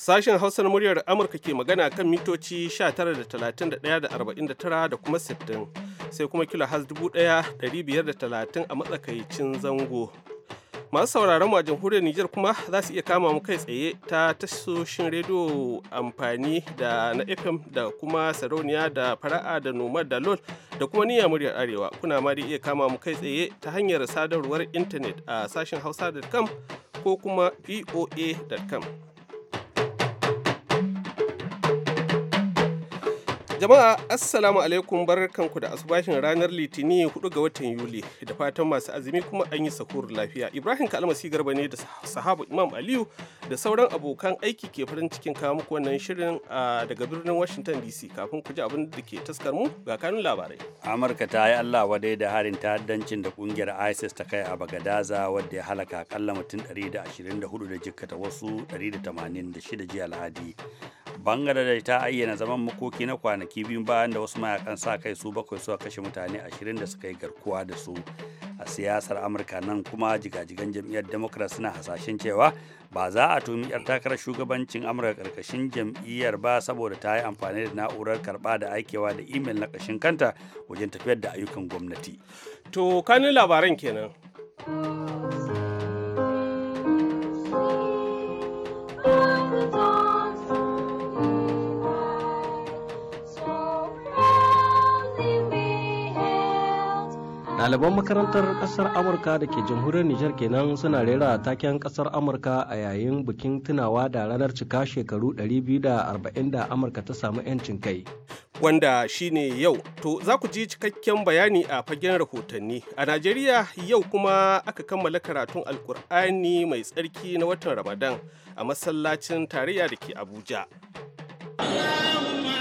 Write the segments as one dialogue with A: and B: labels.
A: Sashen Hausar muryar Amurka ke magana kan mitoci 19.31.49 da kuma 60 sai kuma kilo has 1,530 a matsakaicin zango. Masu sauraron mu a jamhuriyar Nijar kuma za su iya kama mu kai tsaye ta tashoshin rediyo amfani da na FM da kuma sarauniya da fara'a da nomad da lol da kuma niyya muryar arewa kuna ma da iya kama mu kai tsaye ta hanyar sadarwar intanet a sashen hausa.com ko kuma voa.com. Jama'a Assalamu alaikum barkanku da asubashin ranar Litini 4 ga watan Yuli da fatan masu azumi kuma an yi sahur lafiya. Ibrahim Kalmasi Garba ne da sahabu Imam Aliyu da sauran abokan aiki ke farin cikin kawo muku wannan shirin daga birnin Washington DC kafin ku ji abin da ke taskar mu
B: ga kanun labarai. Amurka ta yi Allah wadai da harin ta'addancin da kungiyar ISIS ta kai a Bagadaza wadda ya halaka akalla mutum 124 da jikkata wasu 186 jiya Lahadi. bangare ta ayyana zaman makoki na kwanaki biyu bayan da wasu mayakan sa kai su bakwai suka kashe mutane ashirin da suka yi garkuwa da su a siyasar amurka nan kuma jigajigan jam'iyyar democrat suna hasashen cewa ba za a tumi yar takarar shugabancin amurka karkashin jam'iyyar ba saboda ta yi amfani da na'urar karba da aikewa da imel na kashin kanta wajen tafiyar da ayyukan gwamnati to kanin labaran kenan thank you
C: Ɗaliban makarantar ƙasar Amurka da ke jamhuriyar Nijar kenan suna rera taken ƙasar Amurka a yayin bikin tunawa da ranar cika shekaru 240 da Amurka ta
A: samu 'yancin kai. Wanda shine yau, to za ku ji cikakken bayani a fagen rahotanni. A Najeriya yau kuma aka kammala karatun Alkur'ani mai tsarki na watan Ramadan a masallacin tarayya da ke Abuja.
D: Allahumma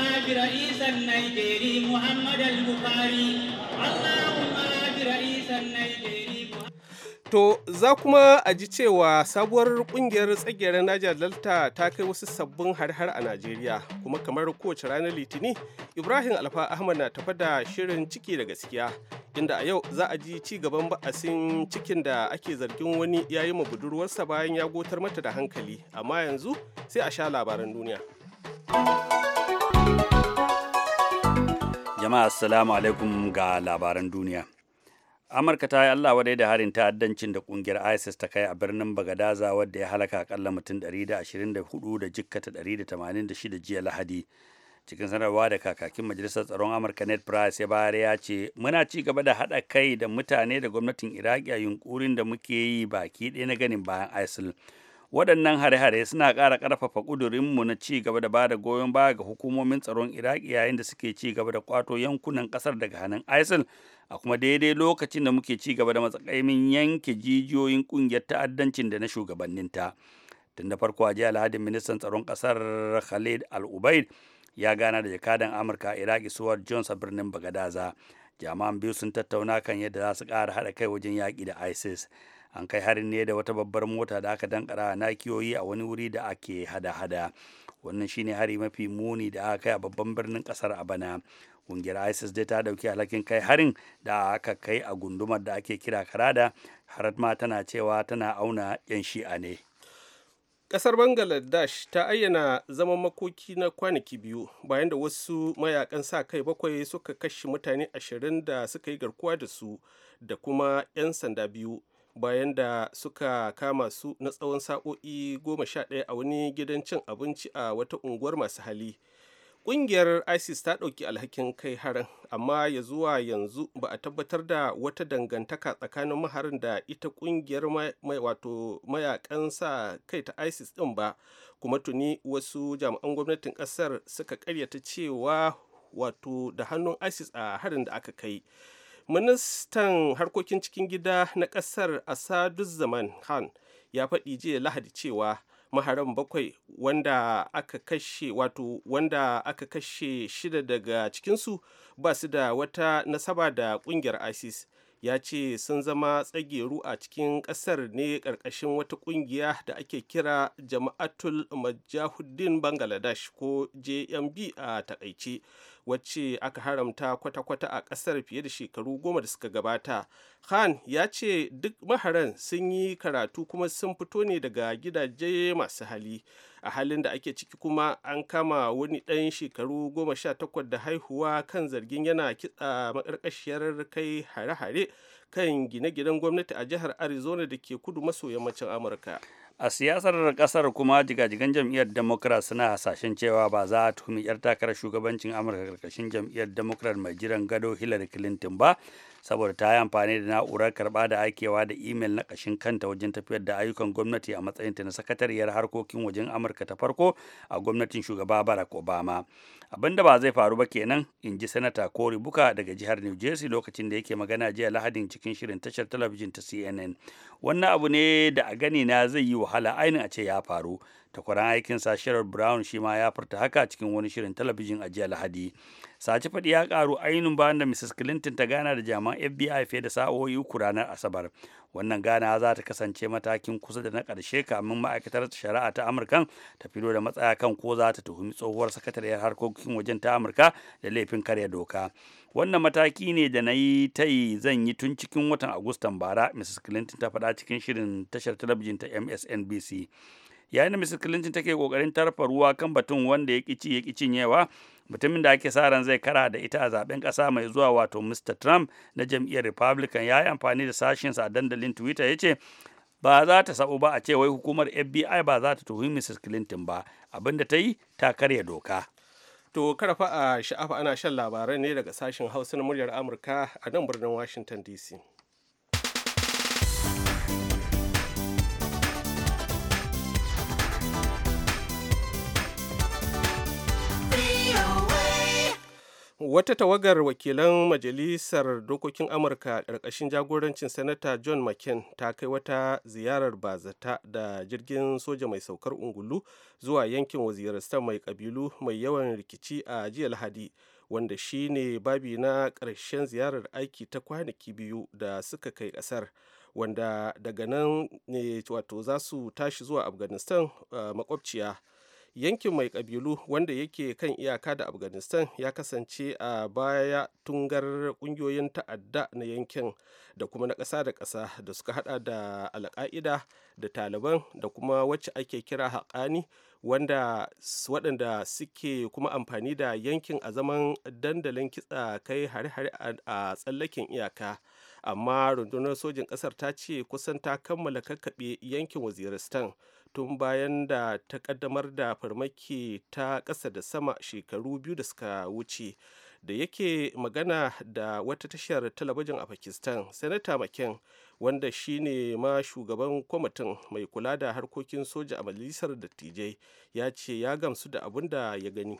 A: To za kuma a ji cewa sabuwar kungiyar tsagiyar Niger Delta ta kai wasu sabbin har-har a Najeriya kuma kamar kowace ranar Litini Ibrahim Alfa Ahmad na tafa da shirin ciki da gaskiya inda a yau za a ji ci gaban ba'asin cikin da ake zargin wani ya yi budurwarsa bayan ya gotar mata da hankali amma yanzu sai a sha labaran duniya.
B: Jama'a assalamu alaikum ga labaran duniya. amurka ta yi allah wadai da harin ta'addancin da kungiyar isis ta kai a birnin bagadaza wadda ya halaka akalla mutum 124 da jikkata 186 jiya lahadi cikin sanarwa da kakakin majalisar tsaron amurka ned price ya bayar ya ce muna ci gaba da haɗa kai da mutane da gwamnatin iraki a yunkurin da muke yi baki ɗaya na ganin bayan isil waɗannan hare-hare suna ƙara ƙarfafa ƙudurinmu na ci gaba da bada goyon baya ga hukumomin tsaron iraki yayin da suke ci gaba da kwato yankunan ƙasar daga hannun isil a kuma daidai lokacin da muke ci gaba da matsakaimin yanke jijiyoyin kungiyar ta'addancin da na shugabanninta tun da farko a jiya lahadin ministan tsaron kasar khalid al-ubaid ya gana da jakadan amurka iraki suwar jones a birnin bagadaza jami'an biyu sun tattauna kan yadda za su ƙara haɗa kai wajen yaki da isis an kai harin ne da wata babbar mota da aka dankara a nakiyoyi a wani wuri da ake hada-hada wannan shine hari mafi muni da aka kai a babban birnin kasar a bana kungiyar isis dai ta dauki alhakin kai harin da aka kai a gundumar da ake kira karada har ma tana cewa tana auna 'yan shi'a ne kasar bangladesh ta ayyana zaman makoki na kwanaki biyu
A: bayan da wasu mayakan sa kai bakwai suka kashe mutane ashirin da suka yi garkuwa da su da kuma 'yan sanda biyu bayan da suka kama su na tsawon sa'o'i goma sha ɗaya a wani gidan cin abinci a wata unguwar masu hali Ƙungiyar ISIS ta ɗauki alhakin kai harin, amma ya zuwa yanzu ba a tabbatar da wata dangantaka tsakanin maharin da ita ƙungiyar mai wato mayakan sa kai ta ISIS ɗin ba, kuma tuni wasu jami'an gwamnatin ƙasar suka karyata cewa wato da hannun ISIS a harin da aka kai. Ministan harkokin cikin gida na ƙasar Asadu Zaman Khan ya faɗi jiya Lahadi cewa maharan bakwai wanda aka kashe wato wanda aka kashe shida daga cikinsu ba su da wata nasaba da kungiyar isis ya ce sun zama tsageru a cikin ƙasar ne ƙarƙashin wata ƙungiya da ake kira jama'atul majahuddin bangaladesh ko jmb a taƙaice. wacce aka haramta kwata-kwata a ƙasar fiye da shekaru goma da suka gabata. Khan ya ce duk maharan sun yi karatu kuma sun fito ne daga gidaje masu hali. A halin da ake ciki kuma an kama wani ɗan shekaru goma sha takwas da haihuwa kan zargin yana kitsa maƙarƙashiyar kai hare-hare kan gine-ginen gwamnati a jihar Arizona da ke kudu maso yammacin Amurka.
B: a siyasar kasar kuma jigajigan jam'iyyar democrat suna hasashen cewa ba za a tuhumi yar takarar shugabancin amurka karkashin jam'iyyar democrat mai jiran gado hillary clinton ba saboda ta yi amfani da na'urar karba da aikewa da imel na ƙashin kanta wajen tafiyar da ayyukan gwamnati a matsayinta na sakatariyar harkokin wajen amurka ta farko a gwamnatin shugaba barack obama abin da ba zai faru ba kenan in ji sanata kori buka daga jihar new jersey lokacin da yake magana jiya lahadin cikin shirin tashar talabijin ta cnn wannan abu ne da a gani na zai yi wahala ainihin a ce ya faru takwaran aikinsa sa Brown shi ma ya furta haka cikin wani shirin talabijin a jiya Lahadi. sace faɗi ya ƙaru ainihin bayan da mrs clinton ta gana da jami'an fbi fiye da sa'o'i uku ranar asabar wannan gana za ta kasance matakin kusa da na ƙarshe kamin ma'aikatar shari'a ta amurka ta fito da matsaya kan ko za ta tuhumi tsohuwar sakatariyar harkokin wajen ta amurka da laifin karya doka wannan mataki ne da na yi ta yi zan yi tun cikin watan agustan bara mrs clinton ta faɗa cikin shirin tashar talabijin ta msnbc yayin da mrs clinton take ƙoƙarin tarfa ruwa kan batun wanda ya ƙi ci ya ƙi cinyewa mutumin da ake sa ran zai kara da ita a zaben kasa mai zuwa wato mr trump na jam'iyyar republican ya yi amfani da sashinsa a dandalin twitter ya ce ba za ta sabu ba a ce wai hukumar FBI ba za ta tuhumi Mrs. Clinton ba abinda ta yi ta karya doka.
A: To fa a sha'afa ana shan labarai ne daga sashen Hausa na muryar Amurka a nan birnin Washington DC. wata tawagar wakilan majalisar dokokin amurka ƙarƙashin jagorancin sanata john mccain ta kai wata ziyarar bazata da jirgin soja mai saukar ungulu zuwa yankin waziristan mai ƙabilu mai yawan rikici a jiya lahadi wanda shi ne babi na ƙarshen ziyarar aiki ta kwanaki biyu da suka kai ƙasar wanda daga nan ne wato za su tashi zuwa afghanistan eh, makwabciya yankin mai kabilu wanda yake kan iyaka da afghanistan ya kasance a baya tungar kungiyoyin ta'adda na yankin da kuma na ƙasa da ƙasa da suka hada da alka'ida da taliban da kuma wacce ake kira haƙani wanda waɗanda suke kuma amfani da yankin a zaman dandalin kitsa kai hare-hare a tsallaken iyaka amma rundunar sojin ƙasar ta ce kusan ta kammala kakkaɓe yankin waziristan tun bayan da ta kaddamar da farmaki ta ƙasa da sama shekaru biyu da suka wuce da yake magana da wata tashar talabijin a pakistan sanata maken wanda shine ma shugaban kwamitin mai kula da harkokin soja a majalisar dattijai ya ce ya gamsu da abin da ya gani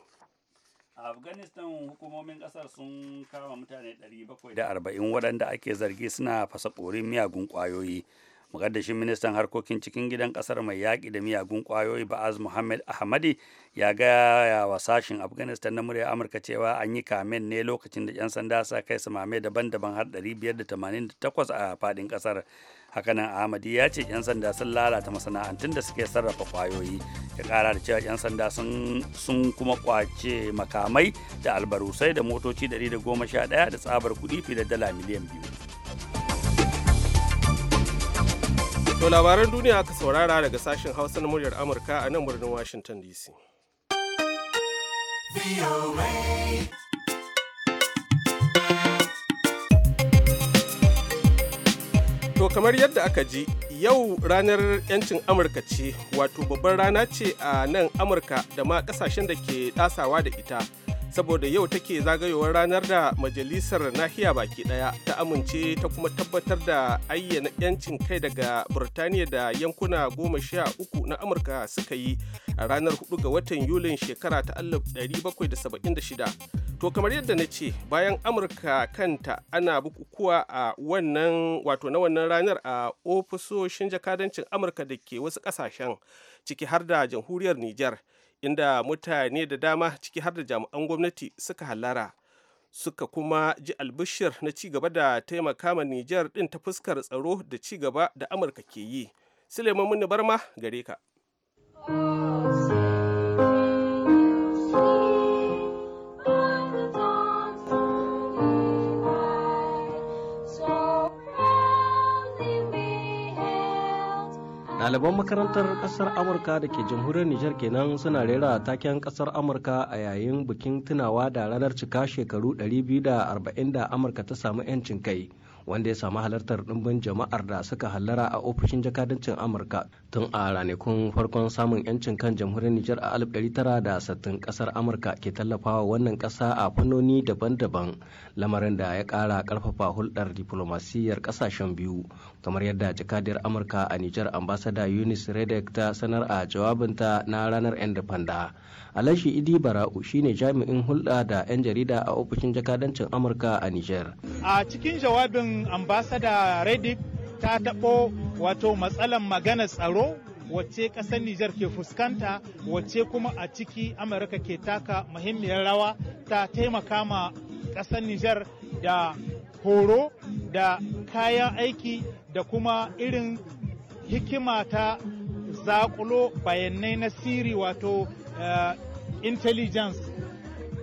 B: a afghanistan hukumomin kasar sun kama mutane da 740 waɗanda ake zargi suna fasa miyagun ƙwayoyi mukaddashin ministan harkokin cikin gidan kasar mai yaƙi da miyagun ƙwayoyi ba'az muhammad ahmadi ya gaya wa sashin afghanistan na murya amurka cewa an yi kamen ne lokacin da 'yan sanda sa kai samame daban-daban har 588 a faɗin ƙasar hakanan ahmadi ya ce 'yan sanda sun lalata masana'antun da suke sarrafa ƙwayoyi ya ƙara da cewa 'yan sanda sun kuma kwace makamai da albarusai da motoci 111 da tsabar kuɗi fi da dala miliyan biyu To labaran duniya aka saurara daga sashen
A: Hausa na muryar Amurka a nan birnin Washington DC. To kamar yadda aka ji yau ranar 'yancin Amurka ce wato babban rana ce a nan Amurka da ma kasashen da ke ɗasawa da ita. saboda yau take zagayowar ranar da majalisar nahiya baki daya ta amince ta kuma tabbatar da ayyana 'yancin kai daga burtaniya da yankuna goma sha uku na amurka suka yi a ranar 4 ga watan yulin shekara ta 1776 to kamar yadda na ce bayan amurka kanta ana bukukuwa a wannan wato na wannan ranar a ofisoshin jakadancin amurka da ke wasu kasashen ciki har da jamhuriyar niger inda mutane da dama ciki har da jami'an gwamnati suka hallara suka kuma ji albishir na cigaba da taimaka ma Nijar din ta fuskar tsaro da cigaba da Amurka ke yi. Suleiman Muni Barma gare ka.
C: Ɗaliban makarantar ƙasar Amurka da ke jamhuriyar Nijar kenan suna rera taken ƙasar Amurka a yayin bikin tunawa da ranar cika shekaru 240 da Amurka ta samu 'yancin kai. wanda ya samu halartar ɗumbin jama'ar da suka hallara a ofishin jakadancin amurka tun a ranakun farkon samun yancin kan jamhuriyar nijar a 1960 ƙasar amurka ke tallafawa wannan ƙasa a fannoni daban-daban lamarin da ya kara karfafa hulɗar diflomasiyyar ƙasashen biyu kamar yadda jakadiyar amurka a nijar ambasada yunis redek ta sanar a jawabinta na ranar 'yan alhashi idi bara'u shine jami'in hulɗa da 'yan jarida a ofishin jakadancin amurka a niger
E: a cikin jawabin ambasada redick ta taɓo wato matsalan magana tsaro wacce ƙasar Nijar ke fuskanta wacce kuma a ciki Amurka ke taka muhimmiyar rawa ta taimaka ma ƙasar Nijar da horo da kayan aiki da kuma irin hikima ta zakulo bayanai na siri wato Eh, intelligence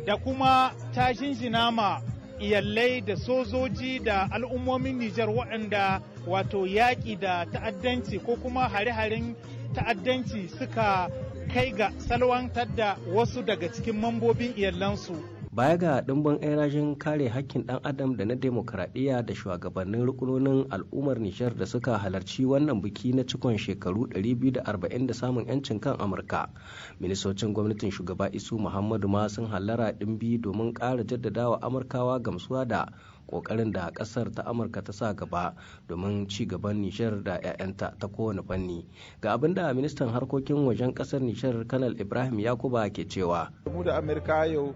E: da kuma ta shinshina ma iyalai da sojoji da al'ummomin Nijar waɗanda wato yaƙi da ta'addanci ko kuma hare-haren ta'addanci suka kai ga salwantar da wasu daga cikin mambobin iyalansu.
C: baya ga ɗimbin 'yan rajin kare hakkin ɗan adam da na demokuraɗiyya da shugabannin rukunonin al'ummar nishar da suka halarci wannan biki na cikon shekaru 240 da samun 'yancin kan amurka ministocin gwamnatin shugaba isu muhammadu ma sun hallara ɗimbi domin ƙara jaddadawa amurkawa gamsuwa da kokarin da kasar ta amurka ta sa gaba domin ci gaban nishar da 'ya'yanta ta kowane fanni ga abin da ministan harkokin wajen kasar nishar kanal ibrahim yakuba ke cewa
A: mu da amurka yau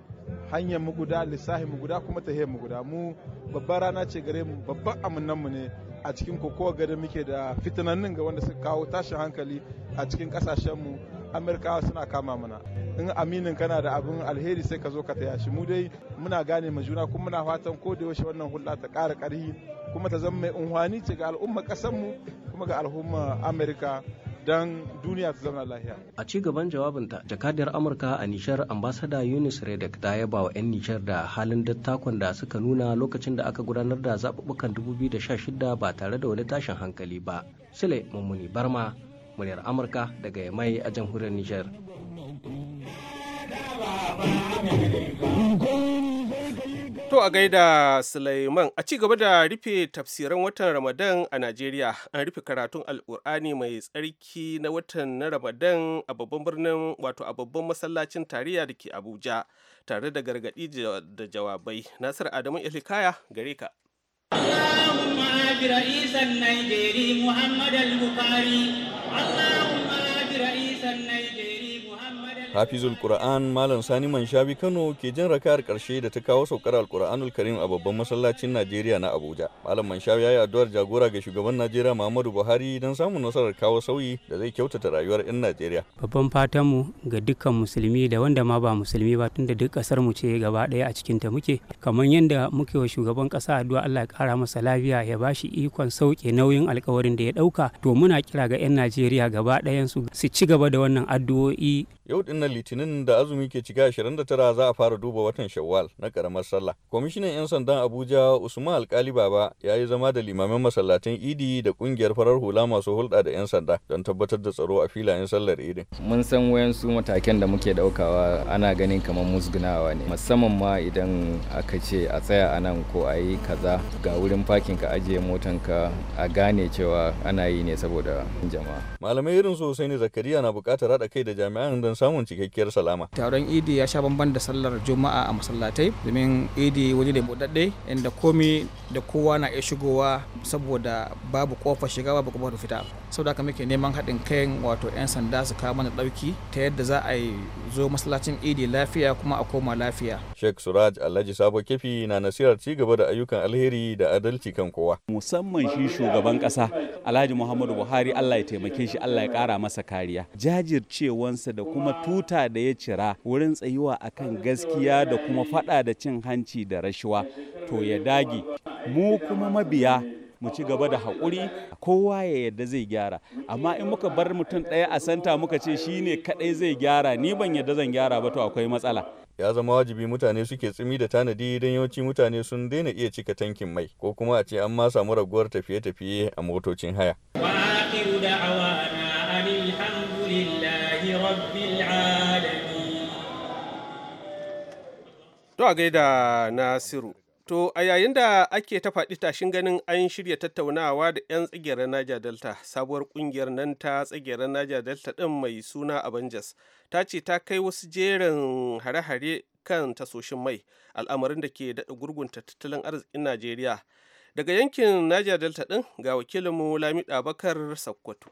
A: hanyar mu guda lissahi mu guda kuma ta mu guda mu babban rana ce gare mu babban amunan mu ne a cikin kokowa gari muke da fitanannin ga wanda suka kawo tashin hankali a cikin kasashen mu amurkawa suna kama mana in aminin kana da abin alheri sai ka zo ka taya shi mu dai muna gane ma juna kuma muna fatan ko da yaushe wannan hulɗa ta ƙara ƙarhi kuma ta zama mai unhwani ce ga al'umma mu kuma ga al'umma amurka don duniya ta zama lafiya.
C: A ci gaban jawabinta, jakadiyar Amurka a Nishar ambasada Yunus Redek ta yaba wa 'yan Nishar da halin dattakon da suka nuna lokacin da aka gudanar da zaɓuɓɓukan 2016 ba tare da wani tashin hankali ba. Sule Mummuni Barma, muryar amurka
A: daga yamai a jamhuriyar nijar To a gaida Sulaiman a ci gaba da rufe tafsiran watan Ramadan a Najeriya an rufe karatun al'urani mai tsarki na watan na Ramadan a babban birnin wato a babban masallacin tarayya da ke Abuja tare da gargaɗi da jawabai. Nasir Adamu Ilikaya gare ka.
D: اللهم برئيس النيجيري محمد البخاري اللهم
C: برئيس النيجيري
F: hafizul qur'an malam sani manshabi kano ke jin rakayar karshe da ta kawo saukar alqur'anul karim a babban masallacin najeriya na abuja malam manshabi ya yi addu'ar jagora ga shugaban najeriya muhammadu buhari don samun nasarar kawo sauyi da zai kyautata rayuwar 'yan najeriya
G: babban fatan mu ga dukkan musulmi da wanda ma ba musulmi ba tunda duk kasar mu ce gaba ɗaya a cikin ta muke kamar yadda muke wa shugaban kasa addu'a Allah ya kara masa lafiya ya bashi ikon sauke nauyin alkawarin da ya dauka to muna kira ga 'yan najeriya gaba ɗayan su ci gaba da wannan addu'o'i
F: Yau din Litinin da azumi ke cika 29 za a fara duba watan Shawwal na karamar sallah. Kwamishinan 'yan sandan Abuja Usman Alkali Baba ya yi zama da limamin masallatan Idi da kungiyar farar hula masu hulɗa da 'yan sanda don tabbatar da tsaro a filayen sallar Idin.
C: Mun san wayan su matakan da muke daukawa ana ganin kamar musgunawa ne musamman ma idan aka ce a tsaya a nan ko a yi kaza ga wurin fakin ka ajiye motan ka a gane cewa ana yi ne saboda jama'a.
F: Malamai irin sosai ne Zakariya na bukatar haɗa kai da jami'an don samun cikakkiyar salama. Taron Idi ya sha bamban da sallar Juma'a a masallatai domin Idi wani ne buɗaɗɗe inda komi da kowa na iya shigowa
A: saboda babu kofa shiga babu kofar fita. Saboda haka muke neman haɗin kai wato 'yan sanda su kawo mana ɗauki ta yadda za a zo masallacin Idi lafiya kuma a koma lafiya.
F: Sheikh Suraj Alhaji Sabo Kefi na nasirar ci gaba da ayyukan alheri da adalci kan kowa. Musamman shi shugaban ƙasa Alhaji Muhammadu Buhari Allah ya taimake shi Allah ya kara masa kariya.
A: Jajircewansa da kuma kuma tuta da ya cira wurin tsayuwa akan gaskiya da kuma fada da cin hanci da rashuwa to ya dage mu kuma mabiya mu ci gaba da haƙuri kowa ya yadda zai gyara amma in muka bar mutum ɗaya a santa muka ce shi ne kaɗai zai gyara ni ban yadda zan gyara ba to akwai matsala
F: ya zama wajibi mutane suke tsimi da tanadi don yawanci mutane sun daina iya cika tankin mai ko kuma a ce an ma samu raguwar tafiye-tafiye a motocin haya. Wa
G: da'awana alhamdulillahi
D: rabbil
A: To a gaida Nasiru. To a yayin da ake ta faɗi tashin ganin an shirya tattaunawa da 'yan tsigirin Naja Delta, sabuwar ƙungiyar nan ta tsigirin Naja Delta ɗin mai suna Avengers, ta ce ta kai wasu jerin hare-hare kan tasoshin mai, al'amarin da ke daɗa gurgunta tattalin arzikin Najeriya. Daga yankin Naja Delta ɗin ga wakilinmu Lamiɗa Bakar Sakkwato.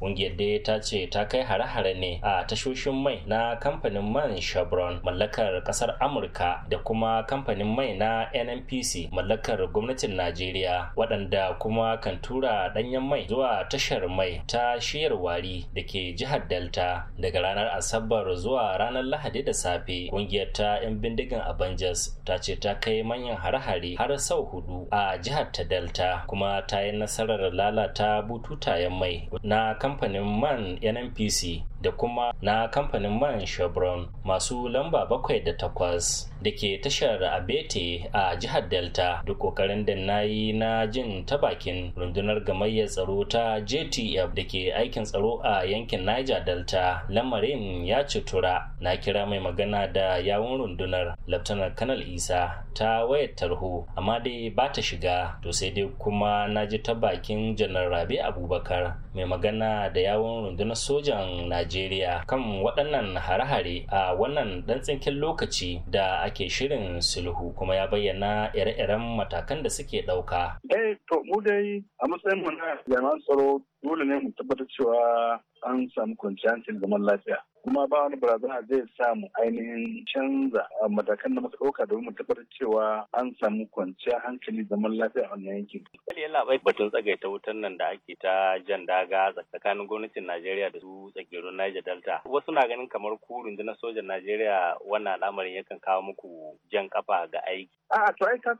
A: Ƙungiyar dai ta ce
G: ta kai hare-hare ne a tashoshin mai na kamfanin man Chevron mallakar ƙasar Amurka da kuma kamfanin mai na NNPC mallakar gwamnatin Najeriya waɗanda kuma kan tura ɗanyen mai zuwa tashar mai ta shiyar wari da ke jihar Delta daga ranar Asabar zuwa ranar Lahadi da safe. Ƙungiyar ta 'yan bindigan Avengers ta ce ta kai manyan hare-hare har sau hudu a jihar ta Delta kuma ta yi nasarar lalata bututayen mai na Company man NPC. da kuma na kamfanin man chevron masu lamba bakwai da takwas da ke tashar abete a jihar delta duk kokarin da na yi na jin ta bakin rundunar gamayyar tsaro ta jtf da ke aikin tsaro a yankin niger delta lamarin ya cutura na kira mai magana da yawon rundunar laftanar kanal isa ta wayar tarho amma dai ba ta shiga to sai dai kuma na ji ta bakin janar rabe abubakar mai magana da yawon rundunar sojan najeriya najeriya kan waɗannan hare-hare a wannan ɗan tsinkin lokaci da ake shirin sulhu kuma ya bayyana ire-iren matakan da suke ɗauka.
B: eh to mu dai a matsayin mu na jami'an tsaro dole ne mu tabbatar cewa an samu kwanciyar hankali zaman lafiya kuma ba wani barazana zai samu ainihin canza ah, matakan da ɗauka domin mu tabbatar cewa an samu kwanciyar hankali zaman lafiya a wannan yankin. Kali
G: yana bai batun tsagaita wutan nan da ake ta jan daga tsakanin gwamnatin Najeriya da su tsakirun Niger Delta. Wasu na ganin kamar ku rundunar sojan Najeriya wannan al'amarin yakan kawo muku jan kafa ga aiki.
B: A'a to ai ka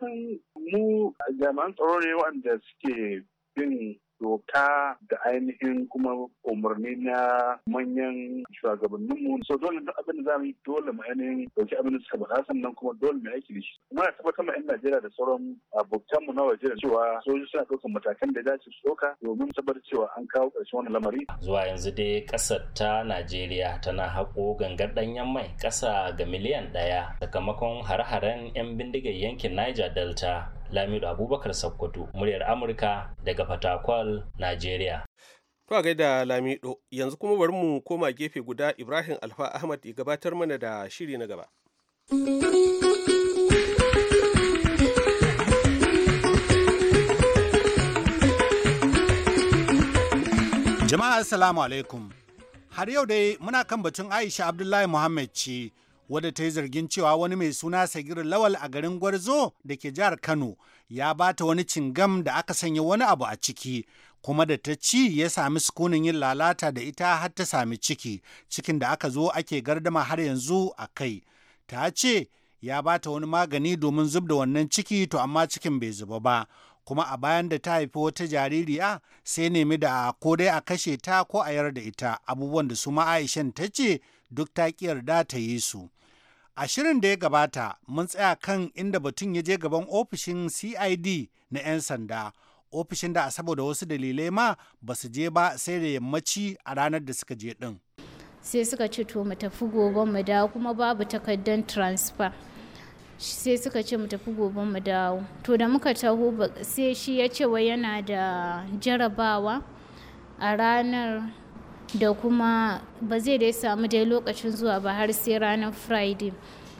B: mu jami'an tsaro ne waɗanda suke bin doka da ainihin kuma umarni na manyan shugabanninmu so dole duk abin da za mu yi dole mu ainihin dauki abin da suka faɗa sannan kuma dole mu aiki da shi Kuma a tabbatar ma 'yan Najeriya da sauran abokan mu na waje da cewa sojoji suna ɗaukar matakan da ya dace su ɗauka domin tabbatar cewa an kawo ƙarshen wannan lamari
G: zuwa yanzu dai ƙasar ta Najeriya tana haƙo gangar ɗanyen mai ƙasa ga miliyan ɗaya sakamakon hare-haren 'yan bindigar yankin Niger Delta Lamido Abubakar Sokoto, muryar
A: Amurka daga Fatakwal, Najeriya. To gaida Lamido, yanzu kuma bari mu koma gefe guda Ibrahim Alfa Ahmad ya gabatar mana da shiri na gaba.
E: Jama'a Assalamu alaikum. Har yau dai muna kan batun Aisha Abdullahi Muhammad ce wadda ta yi zargin cewa wani mai suna sagir lawal a garin gwarzo da ke jihar kano ya bata wani cingam da aka sanya wani abu a ciki kuma da ta ci ya sami sukunin yin lalata da ita har ta sami ciki cikin da aka zo ake gardama har yanzu a kai ta ce ya bata wani magani domin zub da wannan ciki to amma cikin bai zuba ba kuma a bayan da ta haifi wata jaririya sai nemi da ko dai a kashe ta ko a yar da ita abubuwan da su ma aishan ta ce duk ta yarda ta yi su A shirin da ya gabata mun tsaya kan inda batun ya je gaban ofishin CID na 'yan sanda, ofishin da a saboda wasu dalilai ma ba su je ba sai da yammaci a ranar da suka je din.
H: Sai suka ce to mu tafi gobe mu dawo kuma babu takardar transfer. sai suka ce mu tafi gobe mu dawo to da muka taho sai shi ya ce wa yana da jarabawa a ranar da kuma ba zai dai samu dai lokacin zuwa ba har sai ranar friday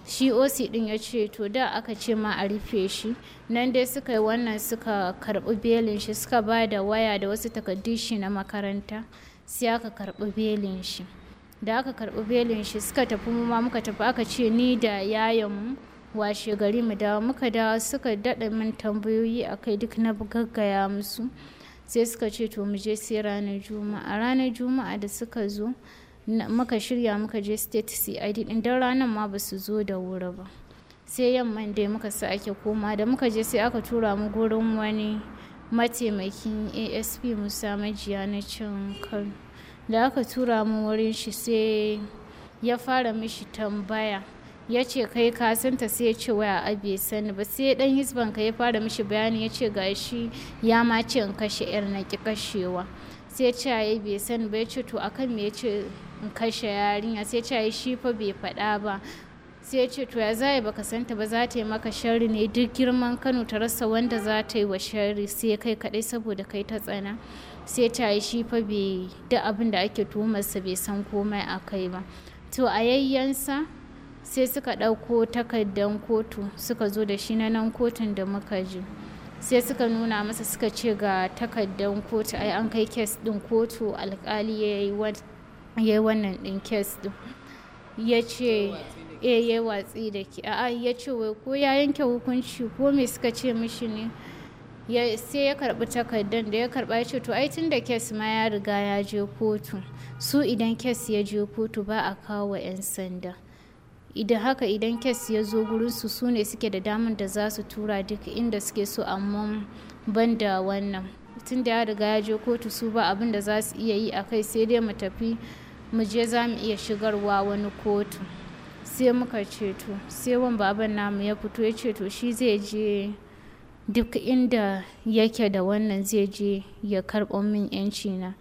H: shi oc din ya ce to da aka ce ma a rufe shi nan dai suka yi wannan suka karbi belin shi suka ba da waya da wasu takardun shi na makaranta sai aka karbi belin shi da aka karbi belin shi suka tafi mu ma muka tafi aka ce ni da yayan mu washe gari mu dawo muka dawo suka daɗa min tambayoyi akai duk na gaggaya musu sai suka ce to mu je sai ranar juma'a ranar juma'a da suka zo muka shirya muka je state cid din don ranar ma ba su zo da wuri ba sai yamman dai muka sake koma da muka je sai aka tura mu gurin wani mataimakin asp musa majiya na cin kano da aka tura mu wurin shi sai ya fara mishi tambaya ya ce kai ka santa sai ya ce waya bai sani ba sai dan hisban ka ya fara mishi bayani ya ce ga shi ya ma ce in kashe yar na ki kashewa sai ya ce bai sani ba ya ce to akan me ya ce in kashe yarinya sai ya ce shi fa bai faɗa ba sai ya ce to ya zai baka santa ba za ta yi maka shari ne duk girman Kano ta rasa wanda za ta yi wa shari sai kai kaɗai saboda kai ta tsana sai ta yi shi fa bai da abin da ake tuhumarsa bai san komai a kai ba to a yayyansa sai suka ɗauko takardan kotu suka zo da shi na nan kotun da muka ji sai suka nuna masa suka ce ga takardan kotu ai an kai kes ɗin kotu alkali ya yi wannan ɗin kes ɗin ya ce e ya watsi da ke a ya ce wai ko ya yanke hukunci ko me suka ce mishi ne sai ya karbi takardan da ya karba ya ce to ai tun da kes ma ya riga ya je kotu su idan kes ya je kotu ba a kawo 'yan sanda idan haka idan kes ya zo gurinsu su ne suke da damar da za su tura duk inda suke so amma ban da wannan tun da ya riga ya je kotu su ba abin da za su iya yi a kai sai dai mu tafi mu je za mu iya shigarwa wani kotu sai muka ceto sai wani baban namu ya fito ya ceto shi zai je duk inda yake da wannan zai je ya karɓo min 'yanci na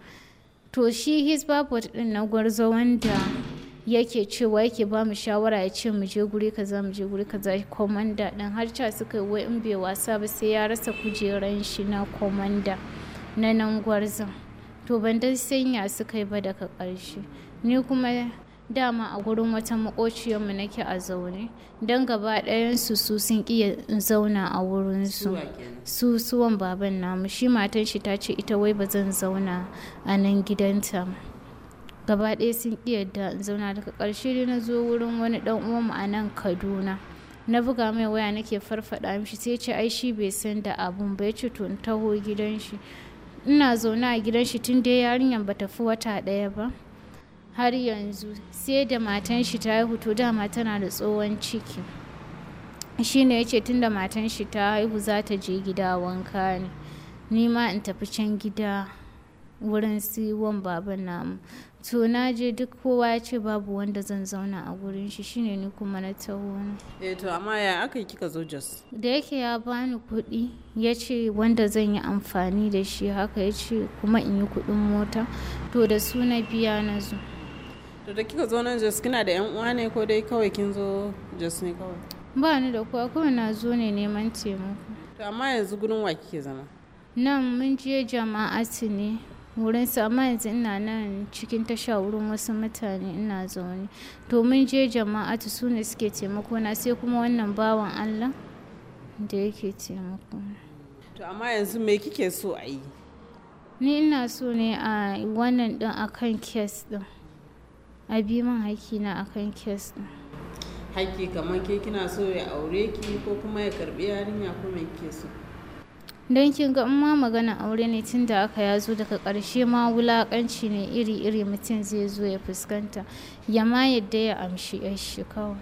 H: to shi his din na gwarzo wanda yake cewa yake ba mu shawara ya ce mu je guri kaza mu je guri kaza komanda din har ca suka yi wai in bai wasa ba sai ya rasa kujeran shi na komanda na nan gwarzan to ban dan sanya suka yi ba daga karshe ni kuma dama a gurin wata makociyarmu nake a zaune don gaba ɗayansu su sun iya zauna a wurinsu su suwan baban namu shi matan shi ta ce ita wai ba zan zauna a nan gidanta gaba ɗaya sun ƙi yadda in zauna daga ƙarshe dai na zo wurin wani ɗan uwanmu a nan kaduna na buga mai waya nake farfaɗa mishi sai ce ai shi bai san da abun ba ya ce to in taho gidan shi ina zaune a gidan shi tun dai yarinyar ba fi wata ɗaya ba har yanzu sai da matan shi ta haihu to dama tana da tsohon ciki shine ya ce tun da matan shi ta haihu za ta je gida wanka ne ni ma in tafi can gida wurin siwon baban namu to na je duk kowa ya ce babu wanda zan zauna a gurin shi shine ni kuma na taho
D: eh to amma ya aka yi kika zo jos
H: da yake ya bani kuɗi ya ce wanda zan yi amfani da shi haka ya ce kuma in yi kuɗin mota to da na biya na zo
D: to da kika zo nan jos kina da yan uwa ne ko dai kawai kin zo jos ne kawai
H: ba ni da kowa kawai na zo ne neman taimako
D: to amma yanzu gurin wa kike zama
H: nan mun je jama'a ne wurin su amma yanzu ina nan cikin tasha wurin wasu mutane ina zaune to mun je jama'atu su ne suke taimako na sai kuma wannan bawan allah da yake taimako
D: to amma yanzu me kike so a yi
H: ni ina so ne a wannan din akan kes din a bi min haƙƙi na akan kes din
D: haƙƙi kamar ke kina so ya aure ki ko kuma ya karbi yarinya ko me kike so
H: don kin ga in ma magana aure ne tun da aka ya daga karshe ma wulaƙanci ne iri-iri mutum zai zo ya fuskanta ya ma yadda ya amshi shi kawai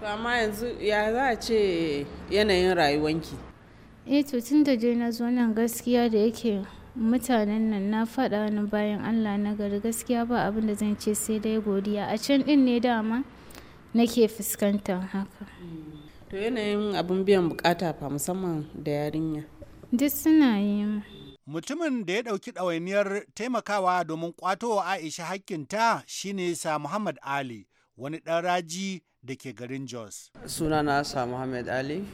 D: to amma yanzu ya za a ce yanayin rayuwanki
H: e to tun da dai na zo nan gaskiya da yake mutanen nan na faɗa ni bayan allah na gari gaskiya ba abin da zan ce sai dai godiya a can ɗin ne dama nake fuskanta haka
D: to yanayin abin biyan bukata fa musamman da yarinya
H: Duk suna
E: yi Mutumin da ya ɗauki ɗawainiyar taimakawa domin ƙwato wa Aisha hakkinta shine Sa Muhammad Ali, wani ɗan raji da ke garin Jos.
I: suna na Sa Muhammad Ali,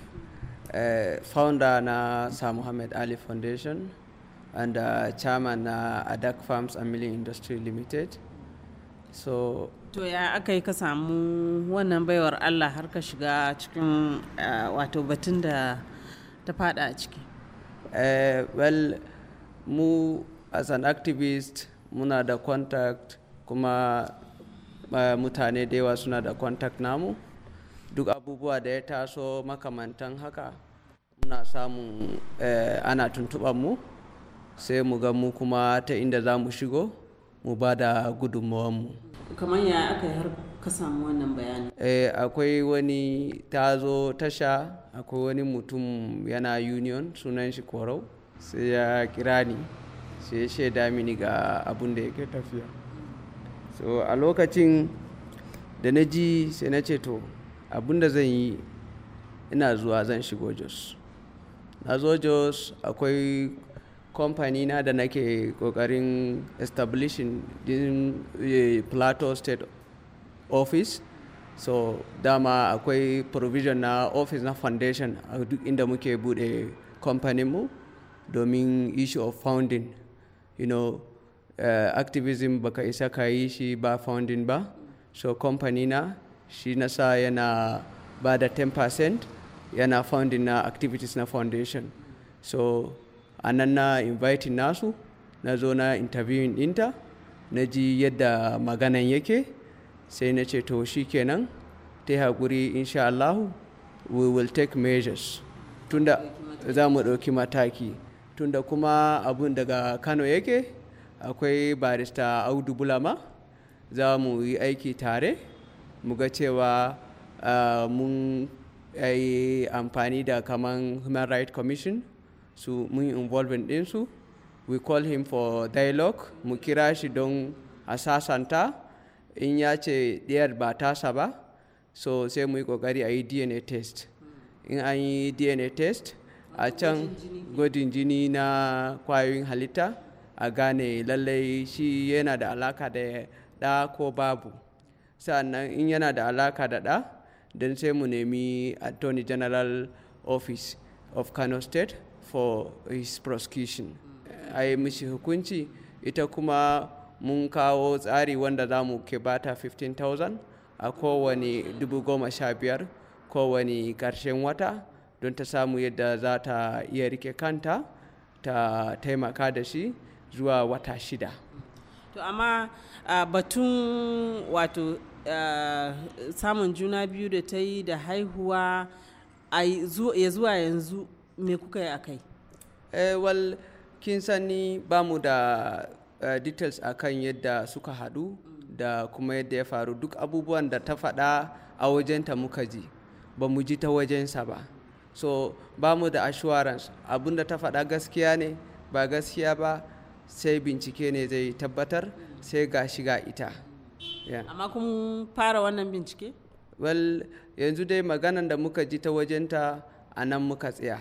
I: eh, founder na Sa Muhammad Ali Foundation and uh, chairman na Adak Farms and Milling Industry Limited. So,
D: to ya aka yi ka samu wannan baiwar Allah har ka shiga cikin eh, wato batun da ta fada a ciki.
I: Uh, well mu as an activist muna da contact kuma uh, mutane da yawa suna da contact namu duk abubuwa da ya taso makamantan haka muna samun uh, ana tuntuɓar mu sai mu ga mu kuma ta inda za mu shigo mu ba da mu.
D: kamar ya aka yi ka samu wannan bayani
I: eh akwai wani tazo tasha akwai wani mutum yana union sunan shi korau sai ya kira ni sai ya shaida mini ga abun da yake tafiya so a lokacin da na ji sai na ce to abun da zan yi ina zuwa zan shigo jos na zo jos akwai kamfani na da nake kokarin establishing din eh, plateau state office so dama akwai provision na office na foundation a duk inda muke bude mu domin issue of founding you know uh, activism baka isa ka yi shi ba founding ba so company na shi na sa yana ba da 10% yana founding na activities na foundation so anan na inviting nasu na zo na interviewing inta na ji yadda maganan yake sai na ce to shi kenan ta haƙuri insha Allahu we will take measures tunda za mu ɗauki mataki tunda kuma abun daga kano yake akwai barista audu bulama za mu yi aiki tare mu ga cewa mun yi amfani da kaman human rights commission su mun yi involvement ɗinsu we call him for dialogue mu kira shi don a sasanta in ya ce ɗiyar ba tasa ba so sai mu yi ƙoƙari a yi dna test in an yi dna test a can gwajin jini na kwayoyin halitta a gane lallai shi yana da alaka da ɗa ko babu sannan in yana da alaka da ɗa don sai mu nemi attorney general office of kano state for his prosecution a yi mishi hukunci ita kuma mun kawo tsari wanda za mu ke bata 15,000 a kowane 15,000 kowane karshen wata don ta samu yadda za ta iya rike kanta ta taimaka da shi zuwa wata shida to amma uh,
D: batun wato samun juna biyu da ta yi da haihuwa
I: ya zuwa yanzu me kuka yi a kai eh, well kin sani ba mu da Eh, details akan yadda suka haɗu da kuma yadda ya faru duk abubuwan da ta faɗa a wajenta muka ji ba mu ji ta wajensa ba so ba mu da assurance abun da ta faɗa gaskiya ne ba gaskiya ba sai bincike ne zai tabbatar sai ga shiga ita
D: amma kuma fara wannan bincike
I: well yanzu dai maganan da muka ji ta wajenta a nan muka tsaya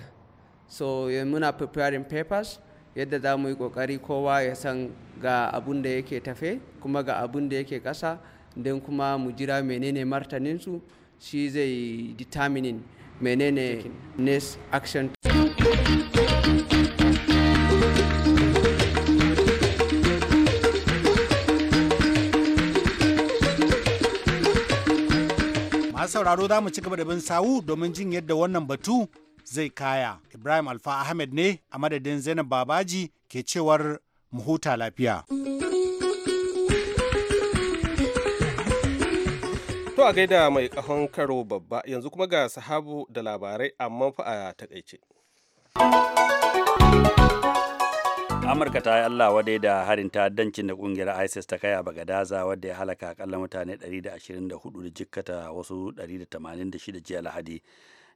I: so eh, muna preparing papers yadda za mu yi ƙoƙari kowa ya san ga abun da yake tafe kuma ga abun da yake ƙasa don kuma mu jira menene martaninsu shi zai determining menene next action
E: masu sauraro za mu ci gaba da bin sawu domin jin yadda wannan batu zai kaya. Ibrahim Alfa Ahmed ne a madadin Zainab
A: Babaji ke cewar mu lafiya. To a gaida mai kahon karo babba yanzu kuma ga
B: sahabu da labarai amma fa a takaice. amurka ta yi allah wadai da harin dancin da kungiyar isis ta kai a bagadaza wadda ya halaka akalla mutane 124 da jikkata wasu 186 jiya lahadi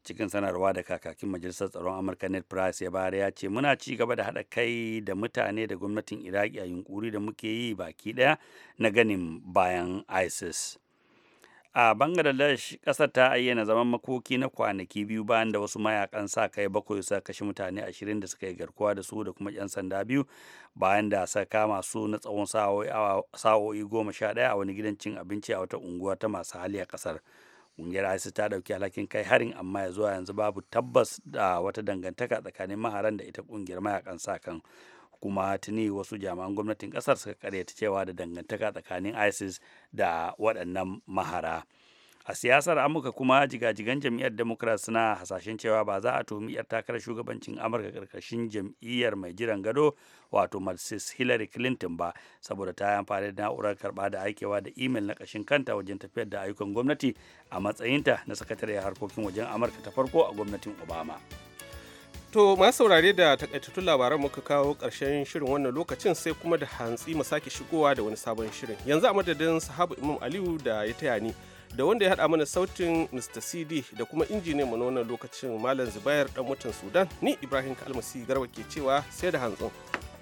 B: cikin sanarwa da kakakin majalisar tsaron amurka ned price ya bayar ya ce muna ci gaba da haɗa kai da mutane da gwamnatin iraki a yunkuri da muke yi baki ɗaya na ganin bayan isis a bangladesh ƙasar ta ayyana zaman makoki na kwanaki biyu bayan da wasu mayakan sa kai bakwai suka kashe mutane ashirin da suka yi garkuwa da su da kuma 'yan sanda biyu bayan da suka kama su na tsawon sa'o'i goma sha ɗaya a wani gidan cin abinci a wata unguwa ta masu hali a kasar. ƙungiyar isis ta ɗauki alhakin kai harin amma ya zuwa yanzu babu tabbas da wata dangantaka tsakanin maharan da ita kungiyar mayakan sa kan kuma tuni wasu jami'an gwamnatin ƙasar suka karyata cewa da dangantaka tsakanin isis da waɗannan mahara. a siyasar amurka kuma jigajigan jam'iyyar democrat suna hasashen cewa ba za a tuhumi yar takarar shugabancin amurka karkashin jam'iyyar mai jiran gado wato marxist hillary clinton ba saboda ta yi amfani da na'urar karba da aikewa da imel na kashin kanta wajen tafiyar da ayyukan gwamnati a matsayinta na sakatare harkokin wajen amurka ta farko a gwamnatin obama To masu saurare da takaitattun labaran muka
A: kawo karshen shirin wannan lokacin sai kuma da hantsi mu sake shigowa da wani sabon shirin. Yanzu a madadin sahabu Imam Aliyu da ya taya ni. da wanda ya haɗa mana sautin Mr. CD da kuma injiniyan mu na lokacin Malam Zubair dan mutan Sudan ni Ibrahim Kalmasi Garba ke cewa sai da hantsin.